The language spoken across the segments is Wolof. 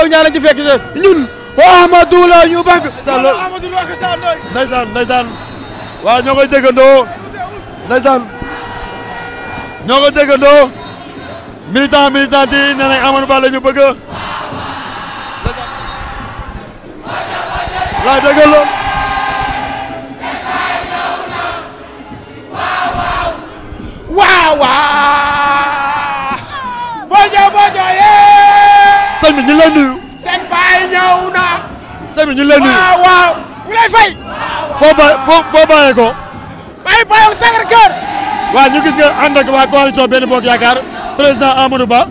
ndaw ñaa lañ ci fekk ñun Amadou la ñu bëgg ndeysaan ndeysaan waaw ñoo koy déggandoo ndeysaan ñoo koy déggandoo militant militant yi nee nañ ñu bëgg laay déggal ñu lay nuyu waaw waaw ñu lay fay. foo ba foo bàyyee ko. bàyyi bàyyi Sacré-Cœur. waaw ñu gis nga ànd ak waa coalition benn bokk yaakaar président Amadou Ba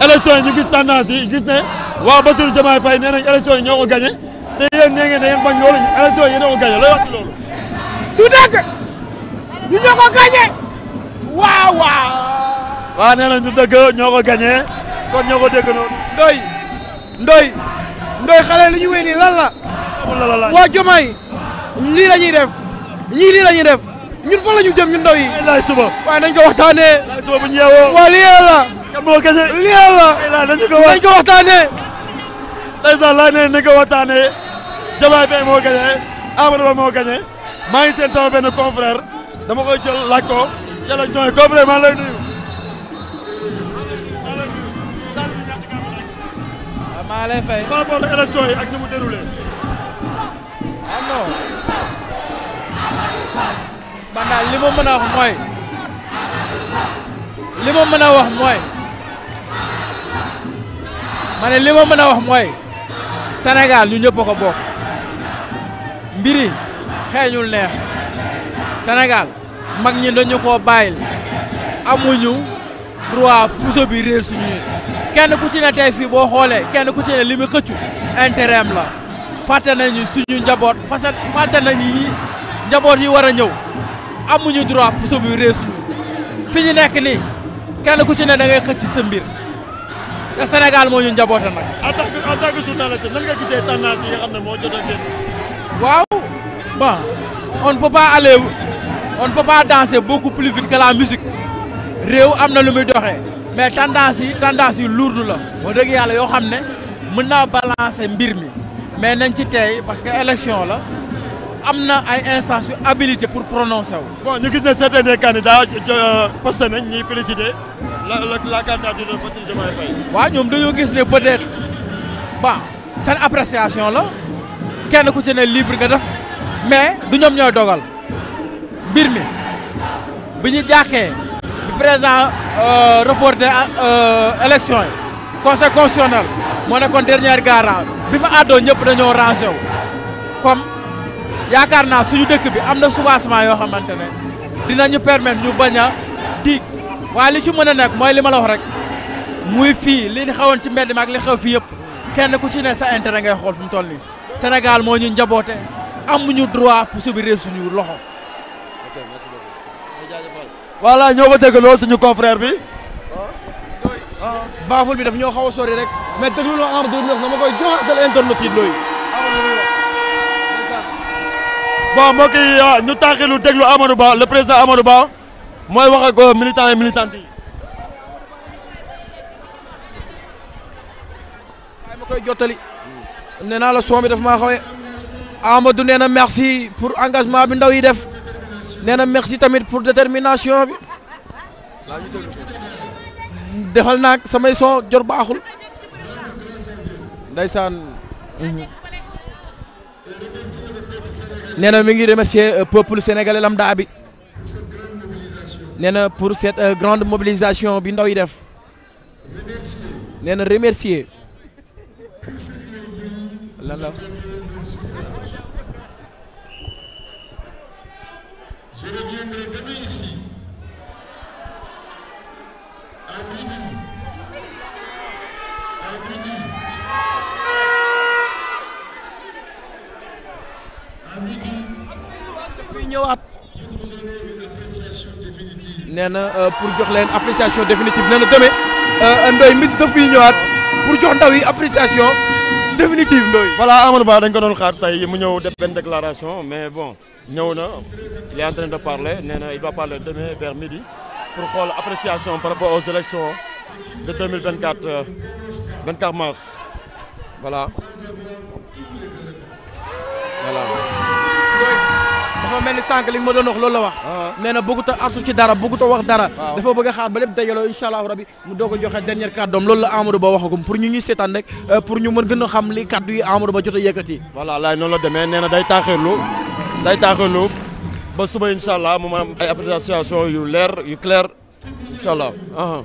élection yi ñu gis tendance yi gis ne waaw Bassirou Diomaye Faye nee nañ élection yi ñoo ko gagné te yéen nee ngeen ne yéen bañ loolu élection yi yéen a ko gagné looy wax ci loolu. du dëgg ñu ñoo ko gagné waaw waaw. waaw nee nañ du dëgg ñoo ko gagné kon ñoo ko dégg noonu. ndoy ndoy ndoy xale li ñu wéy nii lan la. waa Jomay lii la ñuy def ñii lii la ñuy def ñun fan ñu jëm ñun ndaw yi. laay nañ ko waxtaanee. waa lii la. moo kese lii la. nañ ko nañ ko waxtaanee. ndeysaan laaj nañ nañ ko waxtaanee. Jomay Faye moo gagné Amadou Ba moo gagné maa ngi seen sama benn confrère dama koy jël laaj ko élection yi confrère maa lay non man daal li ma mën a wax mooy li mën a wax mooy ma ne li ma mën a wax mooy Sénégal ñu ñëpp a ko bokk mbiri xeeñul neex Sénégal mag ñi dañu koo bàyyil amuñu droit puso bi réer suñu nit kenn ku ci ne tey fii boo xoolee kenn ku ci ne li mu xëccu la fàtte nañu suñu njaboot fase fàtte nañu yi njaboot yi war a ñëw amuñu droit puso bi réesuñu fi ñu nekk ni kenn ku ci ne da ngay xëcc sa mbir te Sénégal moo ñu njaboote nag. en tant que en tant que journaliste yi xam ne moo jot a génn. waaw bon on ne peut pas aller on ne peut pas danser beaucoup plus am na lu muy doxee mais tendance yi tendance yu lourde la. boo dëgg yàlla yoo xam ne mën naa balancer mbir mi. mais nañ ci tey parce que élection la am na ay instance yu habilité pour prononcer wu. bon ñu gis ne certains des candidats euh, euh, posté nañ ñuy félicité la la la candidature de Bassirou Diomaye Faye. ñoom dañoo gis ne peut-être bon seen appréciation la kenn ku ci ne libre nga def mais du ñoom ñoo dogal mbir mi bi ñu jaaxee bi président euh, reporter élection yi. conseil constitutionnel moo nekkoon dernier garant bi ma àddoo ñëpp dañoo rangé wu comme yaakaar naa suñu dëkk bi am na soubassement yoo xamante ne dinañu permettre ñu bañ a diig waaye li ci mën a nekk mooy li ma la wax rek muy fii li xawoon ci mbedd mi ak li xew fii yëpp kenn ku ci ne sa intérêt ngay xool fu mu toll nii moo ñu njaboote amuñu droit pour subir suñu loxo. ok merci beaucoup. voilà ñoo ko dégg loolu suñu confrère bi. Ah. baaful bi daf ñoo xaw a sori rek mais déglu la en deux na ma koy joxaatal internet yi looyu bon mbokk yi ah, ñu tànqilu déglu Amadou Ba le président Amadou Ba mooy wax ak euh, militants et yi waaye ma koy jottali nee naa la son bi daf maa nee na merci pour engagement bi ndaw yi def nee na merci tamit pour détermination bi defal naa samay son jor baaxul ndaysaan mhm. nee na mi ngi remercier euh, peuple sénégalais lambda bi nee na pour cette euh, grande mobilisation bi ndaw def nee na remercier la dafay ñëwaat. nee na euh, pour jox leen appréciation définitive nee na demee euh, Ndoye mbir dafay ñëwaat pour jox ndaw yi appréciation définitive Ndoye. voilà Amadou Ba dañ ko doon xaar tey mu ñëw def benn déclaration mais bon ñëw na il est de parler nee na il va parler demain vers midi pour xool appréciation par rapport aux élections de 2024 24 euh, mars voilà. dafa mel ni sànq li nga ma loolu la wax ah. nee na bëggut a artu ci dara bëggut a wax dara dafa bëgg a xaar ba lépp dajaloo incha allahu mu doog joxe dernier kàddoom loolu la Amadou Ba waxagum pour ñu ñuy seetaan rek euh, pour ñu mën gën a xam li kàddu yi Amadou Ba jot a yëkkati voilà laay noonu la demee nee na day taaxirlu day taaxirlu ba suba incha allah mu am ay appréciation yu leer yu clair incha allah uh-huh.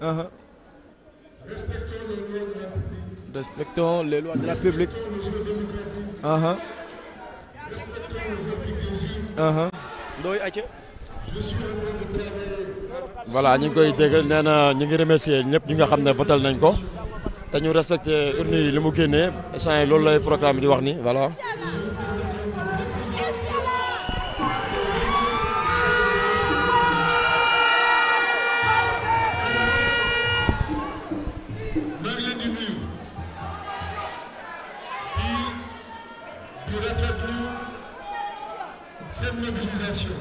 Uh-huh. Respectons les lois de la République. Uh-huh. Uh-huh. Ndoye Athia. voilà ñu ngi koy dégg nee ñu ngi remercier ñëpp ñi nga xam ne votal nañ ko te ñu respecté urne li mu génnee échange loolu lay programme di wax ni voilà. seen mobilisation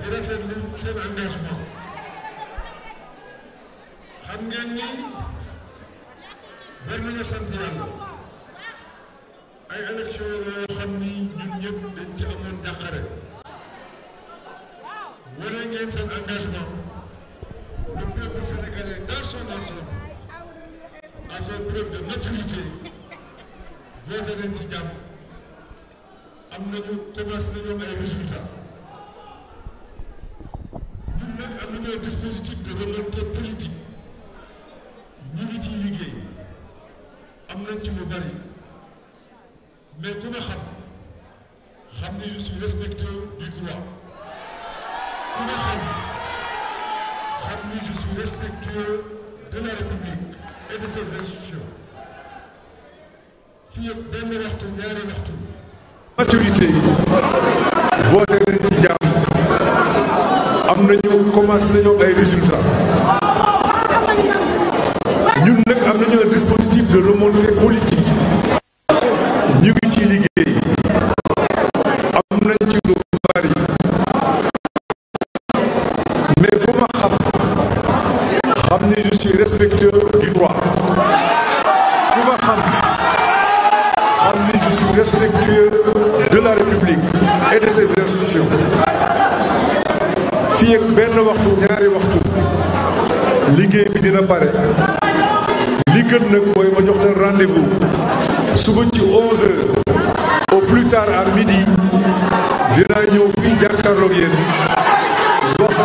di rafetlu seen engagement xam ngeen ni war nañu sant yàlla ay élection yoo xam ni ñun ñëpp dañ ci amoon njàqare wane ngeen seen engagement le peuple sénégalais dans son ensemble a fait preuve de maturité voté nañ ci jàmm. am nañu commencé nañu am ay résultats ñun nag am nañu ay dispositif de remontée politique ñu ngi ciy liggéey am nañ ci lu bari mais ku nga xam xam ni je suis respecté du droit ku nga xam xam ni je suis respectueux de la République et de ses institutions fii ak benn waxtu ñaari waxtu. maturité yi voté leen ci jàmm am na commencé nañu ay résultats ñun nag am nañu un dispositif de remontée politique ñu publique et benn waxtu ñaari waxtu liggéey bi dina pare li gën nag mooy ma jox leen rendez suba ci 11h au plus tard à midi dinaa ñëw fii jàkkaarloog yéen wax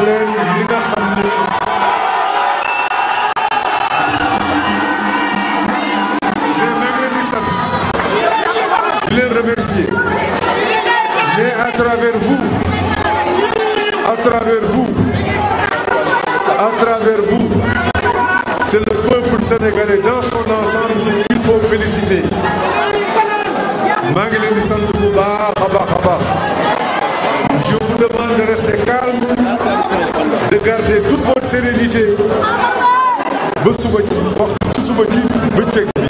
téye ba suba ci waxtu ci suba ci bëccëg bi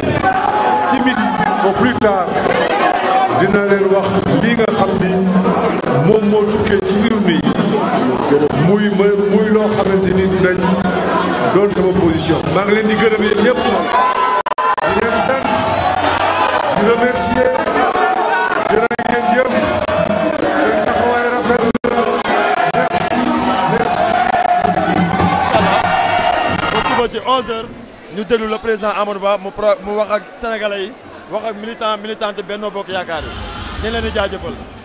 ci midi au plus tard dina leen wax lii nga xam ni moom moo tukkee ci urne yi muy muy loo xamante ni dinañ doon sama position. maa ngi leen di gërëm yéen ñëpp di leen sant di ñu déglu le président Amadou Ba mu pro mu wax ak sénégalais yi wax ak militant militante Benno Bokk Yaakaar yi ñu leen